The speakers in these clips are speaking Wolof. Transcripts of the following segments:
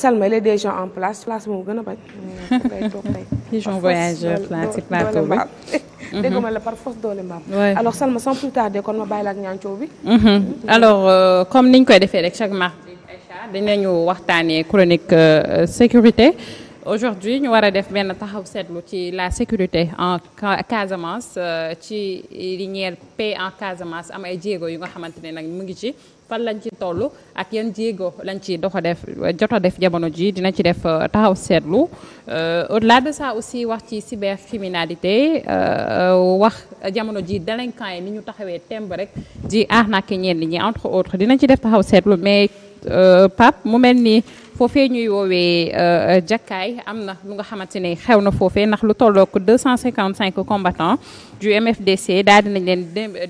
Salma il est des gens en place place moom gën a bañ. pigeon voyageur la ci plateau bi. dégg mhm. ma la par force doole mbaam. alors Salma kon ma bàyyi la ak ñaancoo bi. Mhm. alors euh, comme niñ koy defee rek chaque mardi Aïcha dinañu waxtaanee chronique euh, sécurité. aujourd'hui ñu war a def benn taxaw seetlu ci la sécurité en Casamance euh, ci li ñeel am ay jéego yu nga xamante ne nag mu ngi ci. fan lañ ci toll ak yan jéego lañ ci doxa def jot def jamono ji dina ci def euh, taxaw seetlu euh, au-delà de ça aussi wax ci cybercriminalité euh, wax jamono ji délinquants yi ni ñu taxawee temb rek di arnaque ñenn ñi entre autres dinañ ci def taxaw seetlu mais Pape mu mel ni foofee ñuy woowee jakkaay am na lu nga xamante ne xew na foofee ndax lu tollook 255 combattants du MFDC daal dinañ leen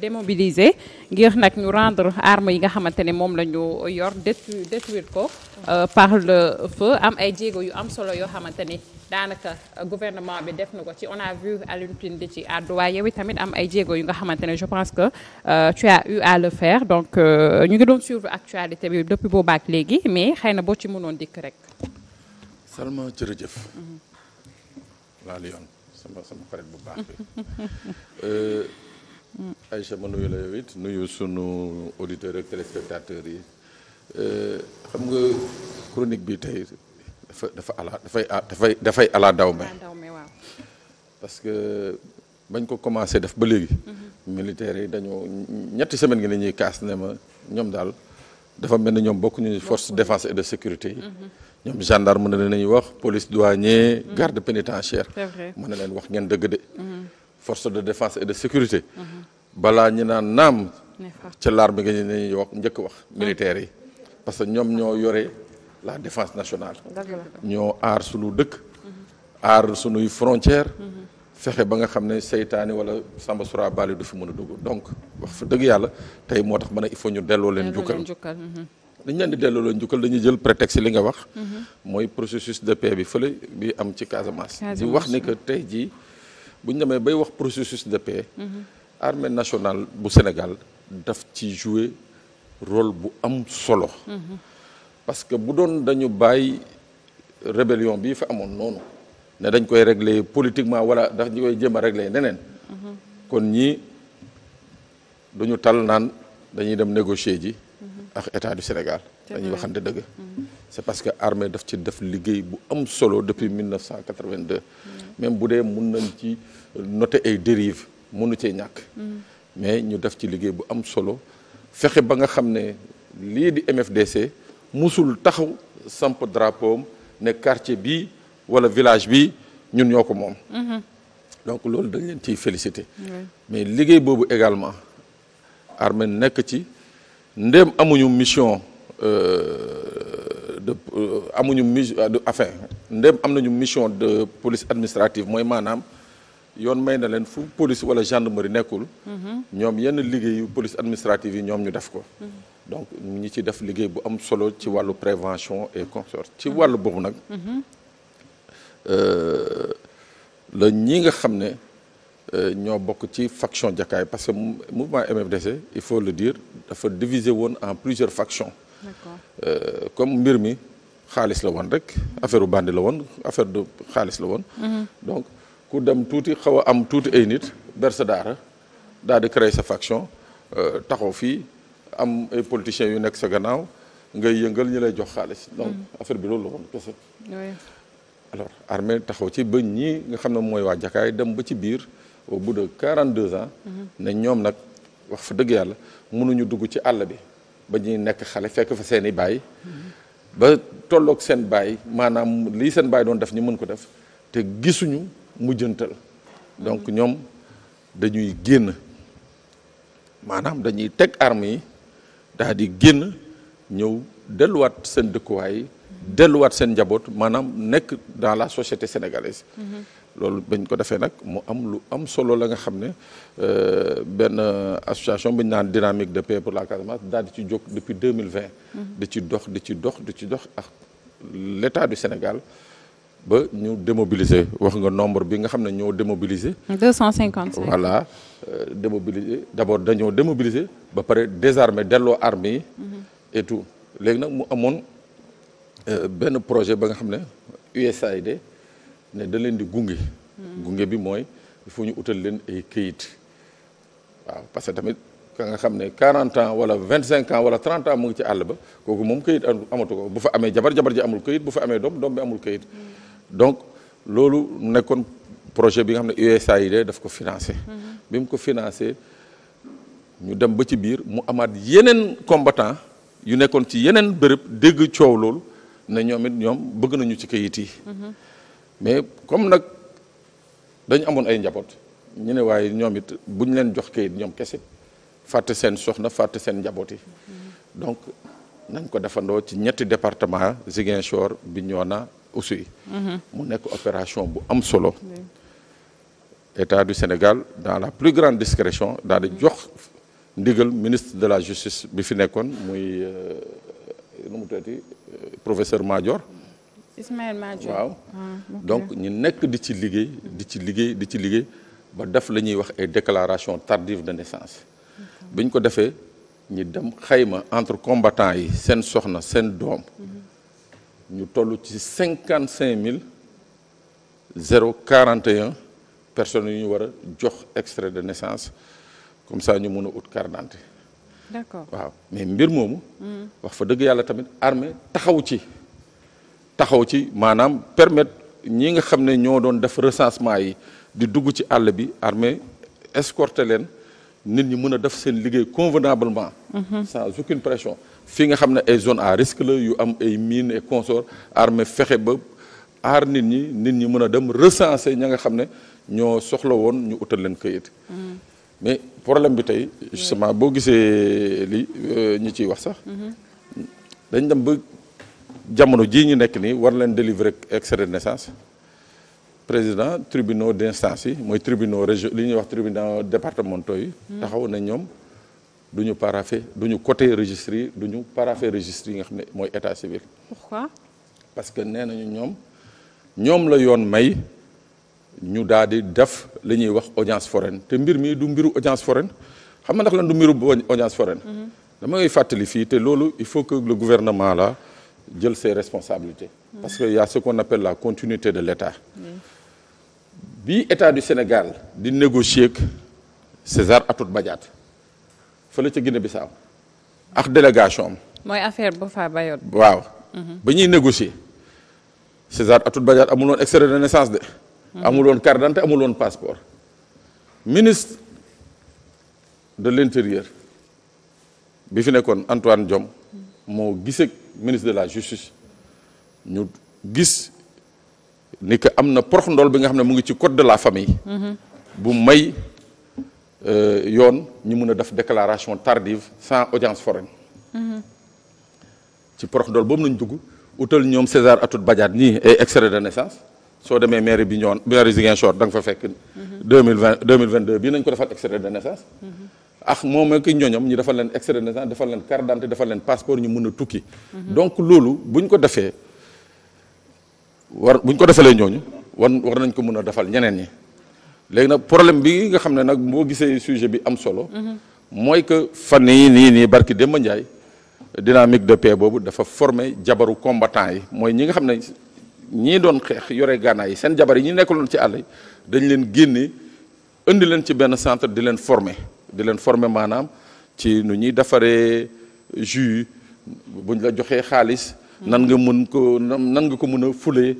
démobiliser ngir nag ñu rendre armes yi nga xamante ne moom la ñu yor détruire ko euh, par le feu am ay jéego yu am solo yoo xamante ni daanaka gouvernement bi def na ko ci on a vu ci àddu waaye yow tamit am ay jéego yu nga xamante ne je pense que euh, tu as eu à le faire donc euh, ñu ngi doon suivre actualité bi depuis boobaak léegi mais xëy na boo ci mënoon dikk rek. sama sama xarit bu baax bi euh, Aïcha ma nuyu la yow it nuyu suñu auditeurs ak téléspectateurs yi euh, xam nga chronique bi tey dafa dafa dafay dafay dafay ala daw me parce que bañ ko commencé def ba léegi mhm. militaires yi dañoo ñetti semaine ngi la ñuy kaas ne ma ñoom daal dafa mel ne ñoom bokkuñu force défense et de sécurité yi. ñoom gendarme mën na leen wax police douanier garde pénitentiaire mën na leen wax ngeen dëgg de. Mm-hmm. force de défense et de sécurité. balaa ñu naan naam. ca l'armée nga ñuy wax njëkk wax militaires yi. parce que ñoom ñoo yore la défense nationale. ñoo aar sunu dëkk. aar sunuy frontières. Mm-hmm. fexe ba nga xam ne seytaane wala samba sura bali du fi mën a dugg donc wax fa dëgg yàlla tey moo tax ma ne il faut ñu delloo leen njukkal mhm. dañ leen di delloo leen dañuy jël prétexte li nga wax mhm. mooy processus de paix bi fële bi am ci Casamance di wax ni que tey ji bu ñu demee bay wax procesus de paix mhm. armée nationale bu Sénégal daf ci jouer rôle bu am solo parce que bu doon dañu bàyyi rébellion bi fa amoon noonu ne dañ koy régler politiquement wala daf ñu koy jéem a régler neneen kon ñii duñu tal naan dañuy dem négocier ji ak état du Sénégal dañuy waxante dëgg mm-hmm. c'est parce que armée daf ci def liggéey bu am solo depuis 1982 mm-hmm. même bu dee mun nañ ci noter ay dérives mënu cee ñàkk mm-hmm. mais ñu def ci liggéey bu am solo fexe ba nga xam ne lii di MFDC mosul taxaw samp drapeau ne quartier bii wala village bi ñun ñoo ko moom mhm. donc loolu dañ leen ciy félicité mais liggéey boobu également armée nekk ci ndéem amuñu mission euh, de euh, amuñu mission euh, enfin ndéem am nañu mission de police administrative mooy maanaam yoon may na leen fu police wala gendarmerie nekkul mhm. ñoom yenn liggéeyu police administrative yi ñoom ñu def ko mhm. donc ñi ci def liggéey bu am solo ci wàllu prévention et consort ci wàllu boobu nag Euh, la ñi nga xam ne euh, ñoo bokk ci faction jakaay parce que mouvement MFDC il faut le dire dafa diviser woon en plusieurs faction d'accord euh, comme mbir mi xaalis la woon rek affaire bu bandi la woon affaire de xaalis la woon mhm. donc ku dem tuuti xaw a am tuuti ay nit ber sa daara daal di créer sa faction taxaw fii am ay politiciens yu nekk sa gannaaw ngay yëngal ñu lay jox xaalis donc mhm. affaire bi loolu la woon kese alors armée taxaw ci bëñ ñii nga xam ne mooy waa jakaay dem ba ci biir au bout de 42 ans. Mhm. ne ñoom nag wax fa dëgg yàlla mënuñu dugg ci àll bi ba ñuy nekk xale fekk fa seen i baay. Mhm. ba tolloog seen baay maanaam lii seen baay doon def ñu mën ko def te gisuñu mujjantal. donc mhm. ñoom dañuy génn maanaam dañuy teg armes yi daal di génn ñëw delluwaat seen dëkkuwaay. delluwaat seen njaboot maanaam nekk dans la société sénégalaise. loolu bañ ko defee nag mu am lu am solo la nga xam ne euh, benn euh, association bi ñu naan dynamique de paix pour la Casamance daal di ci jóg depuis deux mille vingt. di ci dox di ci dox di ci dox ak l' du Sénégal ba ñu démobiliser wax nga nombre bi nga xam ne ñëw démobiliser. deux cent cinquante cinq voilà euh, démobiliser d' abord dañoo démobiliser ba pare désarmer delloo armes yi. Mhm. et tout léegi nag mu amoon. Euh, benn projet ba nga xam ne USAID ne da leen di gunge. Hmm. gunge bi mooy il faut ñu utal leen ay këyit waaw parce que tamit ka nga xam ne 40 ans wala cinq ans wala 30 ans mu ngi ci àll ba kooku moom këyit amatu ko bu fa amee jabar jabar ji amul këyit bu fa amee doom bi amul këyit hmm. donc loolu nekkoon projet bi nga xam ne USAID daf ko financé. Hmm. bi mu ko financé ñu dem ba ci biir mu amaat yeneen combattant yu nekkoon ci yeneen bërëb dégg coow loolu. ne ñoom it ñoom bëgg nañu ci kayit yi. mais comme nag dañu amoon ay njaboot ñu ne waaye ñoom it bu leen jox kayit ñoom kese fàtte seen soxna fàtte seen njaboot yi. donc nañ ko defandoo ci ñetti département Ziguinchor Bignona Oussouye. mu nekk opération bu am solo. état du Sénégal dans la plus grande discrétion daal di jox ndigal ministre de la justice bi fi nekkoon muy euh, nu mu professeur Madior. Ismaël Madior waaw. Ah, donc ñu nekk di ci liggéey. di ci liggéey di ci liggéey ba def la ñuy wax ay déclaration tardive de naissance. bi ñu ko defee ñu dem xayma entre combattants yi seen soxna seen doom. Mhm. ñu toll ci cinquante cinq mille zéro quarante et personnes yu ñu war a jox extrait de naissance comme ça ñu mun a ut carte waaw mais mbir moomu. Hmm. wax fa dëgg yàlla tamit armée taxaw ci. taxaw ci maanaam permettre ñi nga xam ne ñoo doon def recensement yi di dugg ci àll bi armée escorter leen nit ñi mën a def seen liggéey convenablement. Hmm. sans aucune pression. fii nga xam ne ay zone à risque la yu am ay mine et consort armée fexe ba aar nit ñi nit ñi mën a dem recenser ña nga xam ne ñoo soxla woon ñu utal leen këyit. Hmm. mais problème bi tey justement boo gisee li euh, ñu ciy wax sax mhm. dañ dem ba jamono jii ñu nekk nii war leen délivrer extrait de naissance président tribunaux d'instance yi mooy tribunaux région li ñuy wax tribunaux départementaux yi mhm. taxaw na ñoom du ñu paraphé du ñu côté registre yi du ñu paraphé registre yi nga xam ne mooy état civil pourquoi parce que nee nañu ñoom ñoom la yoon may ñu daal di def li ñuy wax audience foraine te mbir mi du mbiru audience foraine xam nga ndax lan du mbiru audience foraine. dama ngay fàttali fii te loolu il faut que le gouvernement là jël ses responsabilité parce que y ce qu'on appelle la continuité de l'État. bi État du Sénégal di négocier ak César Atoute Badiate fële ca Guinée-Bissau ak délégation am. mooy affaire Boffa Bayotte. waaw. ba ñuy négocier César Atoute Badiate amul woon extrait de. Mm-hmm. amul woon carte d'identité amul woon passeport ministre de l'intérieur bi fi nekkoon Antoine Diome mm-hmm. moo gisee ministre de la justice ñu gis ni am na porox ndool bi nga xam ne mu ngi ci code de la famille mm-hmm. bu may euh, yoon ñu mun a def déclaration tardive sans audience foraine ci porox ndool boobu nañ dugg utal ñoom César Atoute Badiate ñii ay de naissance soo demee mairie bi ñoon mairie Ziguinchor da nga fa fekk. 2020 2022 bii nañ ko defal extrait de naissance. Mm-hmm. ak moom ak ñoñam ñu defal leen extrait de naissance defal leen carte d'identité defal leen passeport ñu mën a tukki. Mm-hmm. donc loolu bu ñu ko defee war buñ ko defalee ñooñu war war nañ ko mën a defal ñeneen ñi léegi nag problème bi nga xam ne nag boo gisee sujet bi am solo. Mm-hmm. mooy que fan yii nii nii barki Demba Ndiaye dynamique de paix boobu dafa former jabaru combattant yi mooy ñi nga xam ne. ñii doon xeex yore gànnaay yi seen jabar yi ñu nekkuloon ci àll yi dañ leen génne indi leen ci benn centre di leen former di leen former maanaam ci nu ñuy defaree jus buñ la joxee xaalis nan nga mën ko nan nga ko mën a fulee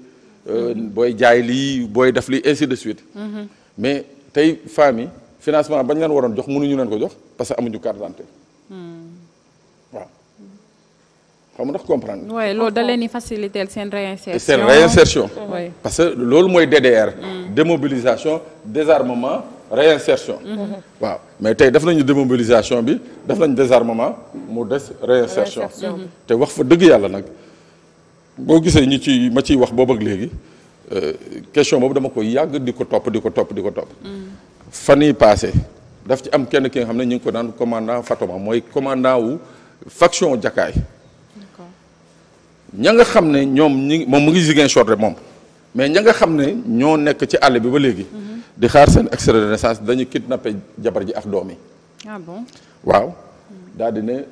euh, booy jaay lii booy def lii ainsi de suite mm-hmm. mais tey femmes yi financement bañ leen waroon jox mënuñu leen ko jox parce que amuñu carte d'identité xam nga ndax comprendre nga. waaw loolu da leen di faciliter seen réinsertion seen réinsertion. parce que loolu mooy DDR. démobilisation désarmement réinsertion. Mm-hmm. Mm-hmm. waaw mais tey def nañu démobilisation bi def nañu désarmement mu des réinsertion. Mm-hmm. te wax fa dëgg yàlla nag boo gisee ñu ci ma ciy wax boobu ak léegi euh, question boobu dama ko yàgg di ko topp di ko topp di ko topp. fan yii paase daf ci am kenn ki nga xam ne ñu ngi ko daan commandant Fatoma mooy commandant wu faction Jakaay. ña nga xam ne ñoom ñi moom mu ngi Ziguinchor de moom mais ña nga xam ne ñoo nekk ci àll bi ba léegi. Mm-hmm. di xaar seen extrait de naissance dañu kidnappé jabar ji ak doom yi. ah waaw. Mm. daal di ne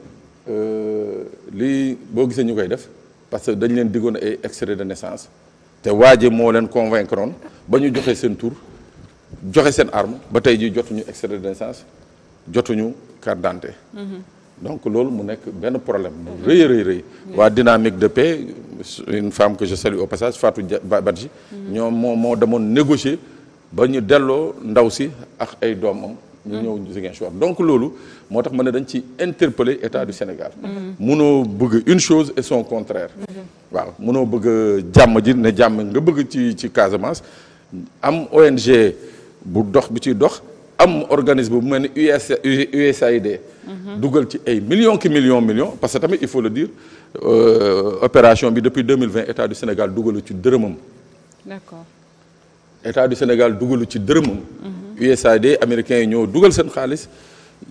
euh, lii boo gisee ñu koy def parce que dañ leen diggoon ay extrait de naissance te waa ji moo leen convaincre woon ba ñu joxe seen tour joxe seen arm ba tey ji jotuñu extrait de naissance jotuñu carte d'identité mm-hmm. donc loolu mu nekk benn problème mu rëy rëy rëy waa dynamique de paix une femme que je salue au passage Fatou Badji ñoom moo moo demoon négocier ba ñu delloo ndaw si ak ay doomam ñu ñëw si Ziguinchor donc loolu moo tax ma ne dañ ci interpeller état du Sénégal munoo bëgg une chose et son contraire waaw mënoo bëgg jàmm ji ne jàmm nga bëgg ci ci Casamance am ONG bu dox bi ciy dox am organisme bu mel ni USAID. Mhm. dugal ci ay millions ki million millions parce que tamit il faut le dire euh, opération bi depuis 2020 état du Sénégal dugalu ci dërëmam. d'accord état du Sénégal ci dërëmam. Mhm. USAID américains yi ñoo dugal seen xaalis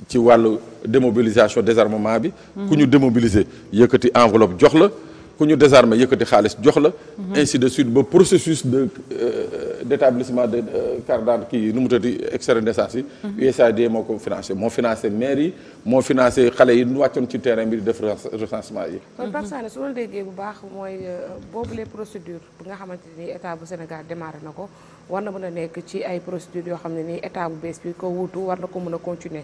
ci wàllu démobilisation désarmement bi. Mhm. ku ñu démobiliser yëkkati enveloppe jox la. ku ñu désarmé yëkkati xaalis jox la. ainsi de suite ba processus de euh, d' établissement de euh, carte kii nu mu tëddi extrait de naissance yi. USAID moo ko financé moo financé maire yi moo financé xale yi ñu wàccoon ci terrain bi di def recensement yi. kon Pape Sané su ma déggee bu baax mooy euh, boobu les procédures bi nga xamante ni état bu Sénégal démarré na ko war na mën a nekk ci ay procédures yoo xam ne nii état bu bees bi ko wuutu war na ko mën a continuer.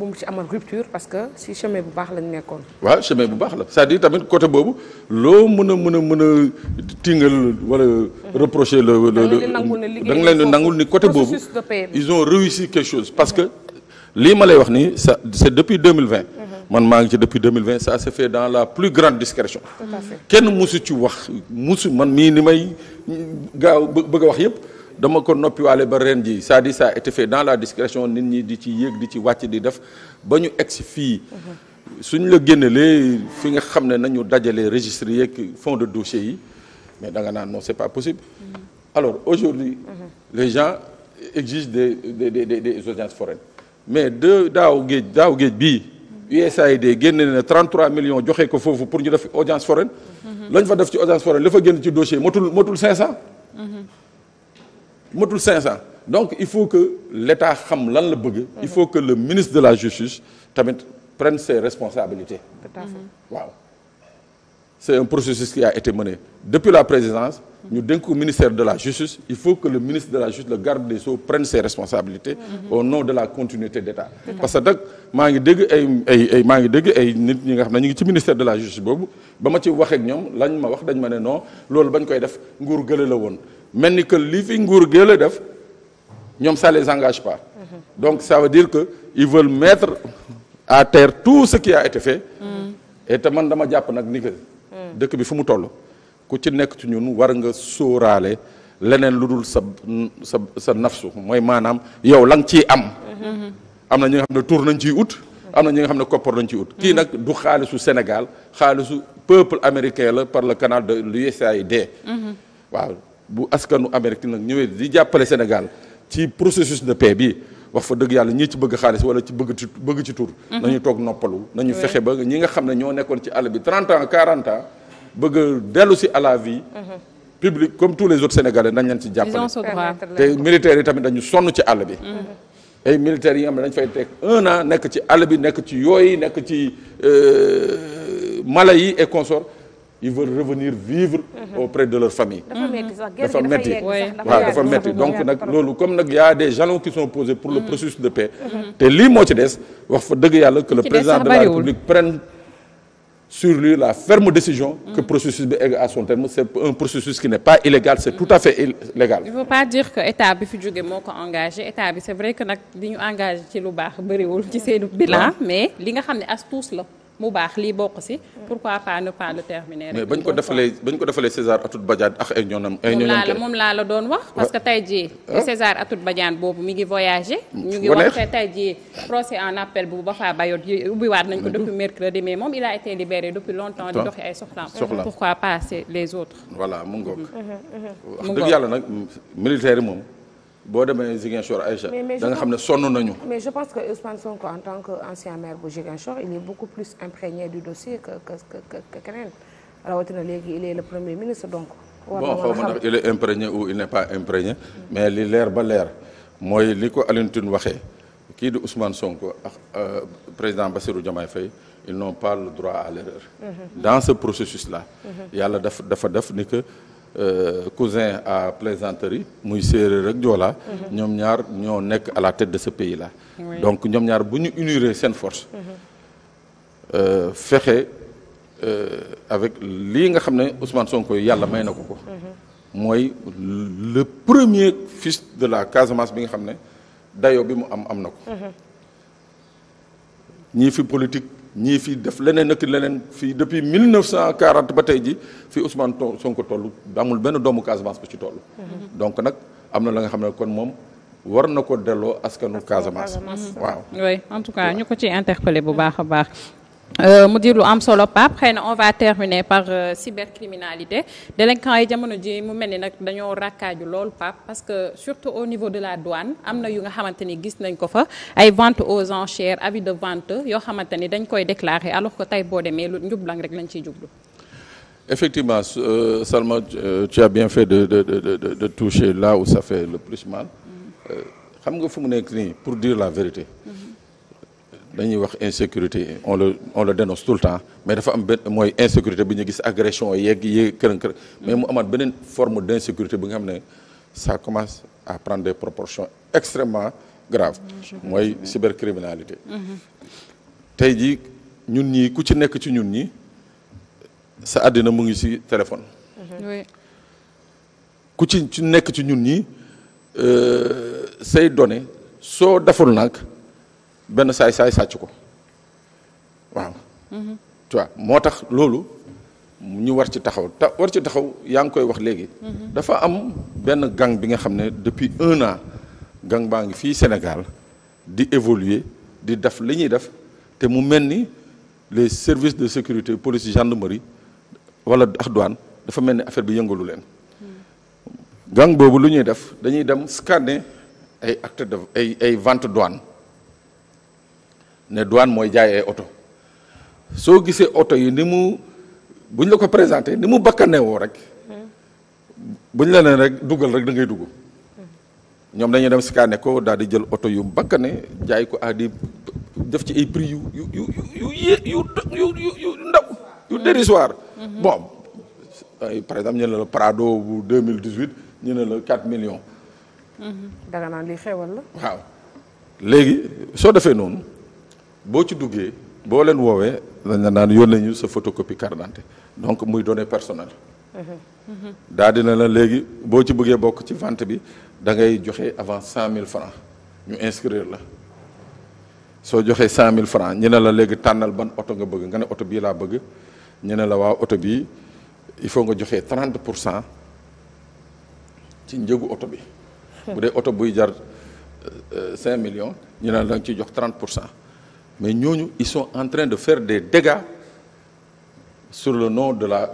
bu mu ci amal rupture parce que si chemin bu baax lañ nekkoon. waaw chemin bu baax la cest à tamit côté boobu loo mën a mën a mën a tingal wala reprocher le le le da nga leen di nangul ni côté boobu ils ont réussi quelque chose parce que lii ma lay wax nii ça c'est depuis 2020. Mhm. man maa ngi ci depuis 2020 ça se fait dans la plus grande discrétion. kenn musu ci wax musu man mii li may gaaw bëgg a wax yëpp. dama ko noppiwaale ba ren ji c'est-à-dire ça a été fait dans la discrétion nit ñi di ci yéeg di ci wàcc di def ba ñu si fii suñ la génnelee fi nga xam ne nañu dajale registre yeeg fonds de dossier yi mais da nga naan non c'est pas possible alors aujourd'hui les gens exigent des des des mais de daaw géej daaw géej bi USAID génne na 33 millions joxe ko foofu pour ñu def audience foraine mhm. lañ fa def ci audience foraine la fa génn ci dossier motul motul 500. matul 500 donc il faut que l'État xam lan la bëgg. il faut que le ministre de la justice tamit prenne ses responsabilités. waaw. c'est un processus qui a été mené depuis la présidence ñu dénk ko ministère de la justice il faut que le ministre de la justice le garde des Sceaux prenne ses responsabilités mhm. au nom de la continuité d'État parce que nag maa ngi dégg ay ay maa ngi dégg ay nit ñi nga xam ne ñu ngi ci ministère de la justice boobu ba ma ci waxeek ñoom lañ ma wax dañ ma ne non loolu bañ koy def nguur gële la woon mel ni que li fi nguur gee la def ñoom ça les engage pas mhm. donc ça veut dire que ils veulent mettre à terre tout ce qui a été fait mhm. et man dama jàpp nag ni mhm. dëkk bi fu mu toll ku ci nekk ci ñun war nga sóoraale leneen lu dul sa sa nafsu mooy maanaam yow la nga ciy am am na ñi nga xam ne tour nañ ciy ut am na ñi nga xam ne koppar nañ ciy ut kii nag du xaalisu Sénégal xaalisu peuple américain la par le canal de l'USAID waaw bu askanu Amérique nag ñëwee di jàppale Sénégal ci processus de paix bi wax fa dëgg yàlla ñii ci bëgg xaalis wala ci bëgg ci bëgg ci tur. Mhm. nañu toog noppalu. nañu fexe ba ñi nga xam ne ñoo nekkoon ci àll bi 30 ans 40 ans bëgg dellu si à la vie. Mhm. publique comme tous les autres Sénégalais nañ leen ci jàppale. te militaires yi tamit dañu sonn ci àll bi. Mhm. ay militaire yi nga xam ne dañ fay teg un an nekk ci àll bi nekk ci yooyu nekk ci euh, mala yi et consort ils veulent revenir vivre mhm. auprès de leur famille dafa metti waaw dafa metti donc nag loolu comme nag y a des jalons qui sont posés pour le mhm. processus de paix mhm. te lii moo ci des wax fa dëgg yàlla que le président de la république prenne sur lui la ferme décision que processus bi egg à son terme c'est un processus qui n'est pas illégal c'est tout à fait légal il faut pas dire que état bi fi jóge moo ko engagé état bi c'est vrai que nag li ñu engagé ci lu baax bëriwul ci seen bilan ah. mais li nga xam ne as tuus la mu baax lii bokk si. pourquoi pas ne pas le terminer. bañ ko defalee bañ ko defalee César Atoute Badiane ak ay ñoonam. ay moom laa la doon wax. parce que tey jii. Ah? Ah? César Atoute Badiane boobu mi ngi voyagé. ñu ngi wax tey jii procès en appel bu Bafa Bayotte yi ubbiwaat nañ ko depuis mercredi mais moom il a été libéré depuis longtemps di doxi ay soxlaam. soxlaam pourquoi pas les autres. voilà mu ngoog. Mm-hmm, mm-hmm. wax dëgg yàlla nag militaire yi moom. boo demee Ziguinchor Aïcha da nga xam ne sonn nañu. mais je pense que Ousmane Sonko en tant que ancien maire bu Ziguinchor il est beaucoup plus imprégné du dossier que que que que keneen léegi il est le premier ministre donc. war bon xaw ma ndax il est imprégné ou il n'est pas imprégné. mais li leer ba leer mooy li ko Alioune Tine waxee kii di Ousmane Sonko ak euh, président Bassirou Diomaye Faye ils n'ont pas le droit à l'erreur. Mhm. dans ce processus là. Mhm. yàlla dafa dafa def ni Euh, cousin à plaisanterie muy séeréer rek joola ñoom ñaar ñoo nekk à la tête de ce pays là donc ñoom ñaar bu ñu uniree seen force mhm. euh, fexe euh, avec lii nga xam ne Ousmane Sonko yàlla may na ko ko mhm. mooy le premier fils de la Casamance bi nga xam ne dayoo bi mu am am na ko mhm. ñii fi politique ñii fii def leneen ak leneen fii depuis 1940 ba tey ji fii Ousmane Sonko toll amul benn doomu Casamance bu ci toll. donc nag am na la nga xam ne kon moom war na ko delloo askanu Casamance. waaw en tout cas ñu ko ciy interpellé bu baax a baax. Euh, mu di lu am solo Pape xëy na on va terminer par euh, cybercriminalité délinquants yi jamono ji mu mel ni nag dañoo rakkaaju lool Pape parce que surtout au niveau de la douane am na yu nga xamante ni gis nañ ko fa ay vente aux enchères avis de vente yoo xamante ni dañ koy déclarer alors que tey boo demee lu njublang rek lañ ciy jublu. effectivement euh, Salma tu euh, as bien fait de de de de de toucher là où ça fait le plus mal. Mm-hmm. xam nga fu mu nekk nii pour dire la vérité. Mm-hmm. dañuy wax insécurité on le on le tout le temps mais dafa am benn mooy insécurité bi ñu gis agression yeeg yi kërën kërën mais mu amaat beneen forme d' insécurité bi nga xam ne ça commence à prendre des proportions extrêmement graves mooy cybercriminalité tey jii ñun ñii ku ci nekk ci ñun ñi sa àddina mu ngi ci téléphone ku ci nekk ci ñun ñi euh, say données soo deful nag benn saay-saay sàcc ko waaw mm-hmm. tu moo tax loolu ñu war ci taxaw ta war ci taxaw yaa ngi koy wax léegi mm-hmm. dafa am benn gang bi nga xam ne depuis un an gang baa ngi fii Sénégal di évoluer di def li ñuy def te mu mel ni les services de sécurité police gendarmerie wala ak douane dafa mel ni affaire bi yëngalu leen mm-hmm. gang boobu lu ñuy def dañuy dem scanner ay acte de ay ay vente douane ne douane mooy jaay ay oto soo gisee oto yi ni mu buñ la ko présenté ni mu bakkanewoo rek buñ la nee rek dugal rek dangay dugg ñoom dañuy dem scanné ko daal di jël oto yu bakkane jaay ko à di def ci ay prix yu yu yu yu yu yu yu ndaw yu dérisoire bon ay par exemple ñu ne la Prado bu 2018 ñu ne la 4 millions. da nga naan lii xewal la. waaw léegi soo defee noonu. boo ci duggee boo leen woowee dañ la naan yónnee ñu sa photocopie carte d'identité donc muy données personnelles. daa dina la léegi boo ci bëggee bokk ci vente bi dangay joxe avant cent mille francs ñu inscrire la soo joxee cent mille francs ñu ne la léegi tànnal ban oto nga bëgg nga ne oto bii laa bëgg ñu ne la waaw oto bii il faut nga joxe trente pour cent ci njëgu oto bi. Hmm. bu dee oto buy jar euh, euh, cinq millions ñu ne la da nga ciy jox trente pour cent. mais ñooñu ils sont en train de faire des dégâts sur le nom de la euh,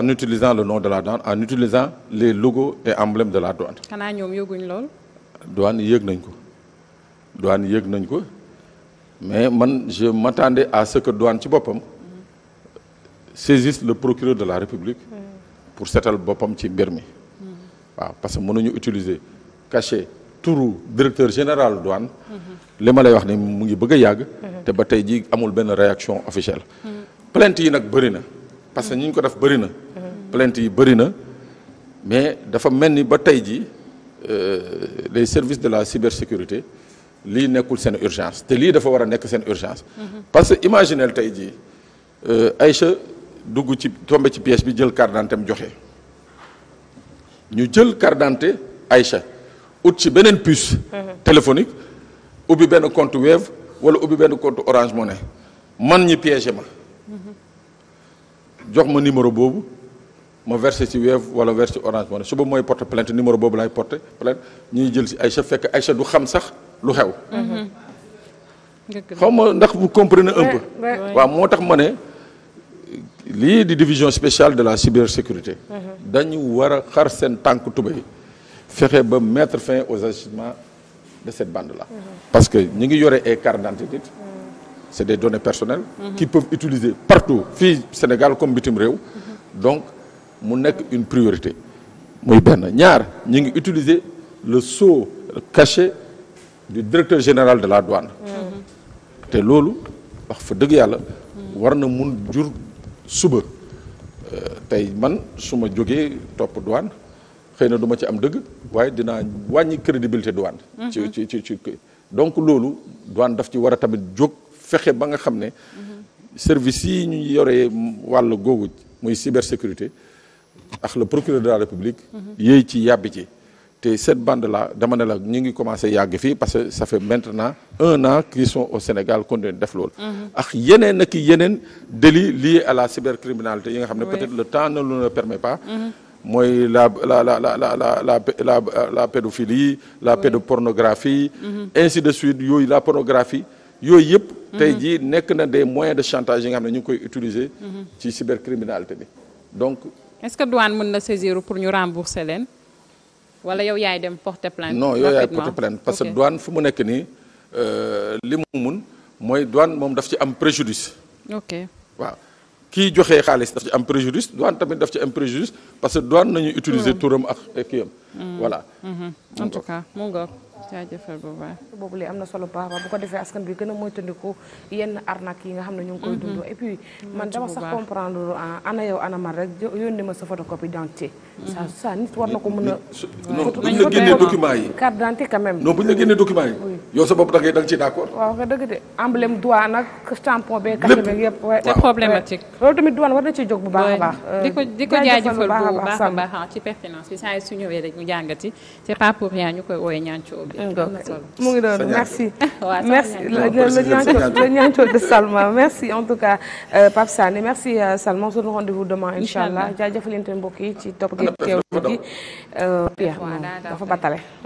en utilisant le nom de la douane en utilisant les logos et emblèmes de la douane. xanaa ñoom yëguñ lool. douane yëg nañ ko douane yëg nañ ko mais man je m'attendais à ce que douane ci boppam saisisse le procureur de la République. Mm. pour setal boppam ci mbir mi. Mm. waaw parce que mënuñu utiliser cachet. turu directeur général douane li ma lay wax ni mu ngi bëgg yàgg te ba tey ji amul benn réaction officielle plainte yi nag bëri na parce que ñi ñu ko def bëri na plainte yi bëri na mais dafa mel ni ba tey ji euh, les service de la cybersécurité lii nekkul seen urgence te lii dafa war a nekk seen urgence parce que imaginel tey jii euh, Aïcha dugg ci tombé ci pièce bi jël carte d'identité am joxe ñu jël carte d'identité Aïcha ut ci beneen puce téléphonique ubbi benn compte Wave wala ubbi benn compte Orange Money man ñi piégé ma jox ma numéro boobu ma versé ci Wave wala versé Orange su ba mooy porte plainte numéro boobu laay porte plainte ñuy jël si Aïcha fekk Aïcha du xam sax lu xew xaw ma ndax vous comprenez un peu moo tax ma ne lii di division spéciale de la cybersécurité mhm. dañu war a xar seen tànk tubéy fexe ba mettre fin au agissements de cette bande là. parce que ñu ngi yore ay car d'identité c' est des données personnelles. qui peuvent utiliser partout fii Sénégal comme bitim réew. donc mu nekk une priorité. muy benn ñaar ñu ngi utiliser le sceau caché du directeur général de la douane. te loolu wax fa dëgg yàlla. war na mun jur suba. Euh, tey man su ma jógee topp douane. xëy na duma ci am dëgg waaye dinaa wàññi crédibilité douane. ci ci ci ci donc loolu douane daf ci war a tamit jóg fexe ba nga xam ne. service yi ñu yore wàll googu muy cybersécurité ak le procureur de la république. yéey ci yàbbi ci. te cette bande la dama ne la ñu ngi commencé yàgg fii parce que ça fait maintenant un an qu'ils sont au Sénégal continué def loolu. Mhm. ak yeneen ak yeneen délits liés à la cybercriminalité yi nga xam ne peut-être le temps ne nous le permet pas. Mhm. mooy la la la la la la la la la pédophilie la pédopornographie mhm. ainsi de suite yooyu la pornographie yooyu yëpp mhm. tey jii nekk na de moyen de chantage yi nga xam ne ñu ngi koy utiliser mhm. ci cybercriminalité bi donc est-ce que douane mën na saisir pour ñu rembourser leen wala yow yaay dem porter plainte non yow yaay parce que douane fu mu nekk nii euh, li mu mun mooy douane moom daf ci am préjudice ok waaw kii joxee xaalis daf ci am préjudice douane tamit daf ci am préjudice parce que douane nañu utiliser hmm. turam ak kii am. Hmm. voilà. Hmm. boobu lee am na solo baax bu ko defee askan bi gën a moytandiku yenn arnaque yi nga xam ne ñu ngi koy dund. et puis man dama sax comprendre ah, ana yow ana man rek yónni ma sa photocopie d'identité. sa nit war na ko mën a. non buñ la génnee document yi. carte d'identité quand même. non buñ la génnee document yi. yow sa bopp da ngay da nga ciy d'accord. waaw nga dëgg de emblème douane nag tampon beeg. lépp yëpp waaye c'est problématique. loolu war na ciy jóg bu baax a baax. Euh, di ko di ko jaajëfal bu baax a baax ci pertinence bi saa su ñëwee rek ñu jàngati c'est pas pour rien ñu koy woowee ñaancoo bi. mu ngi doon merci. merci le ñaancoo de Salma merci en tout cas euh, Pape Sané merci euh, Salma sunu rendez-vous demain incha allah jaajëfalante mbokk yi ci topp gi teewlu gi. dafa battale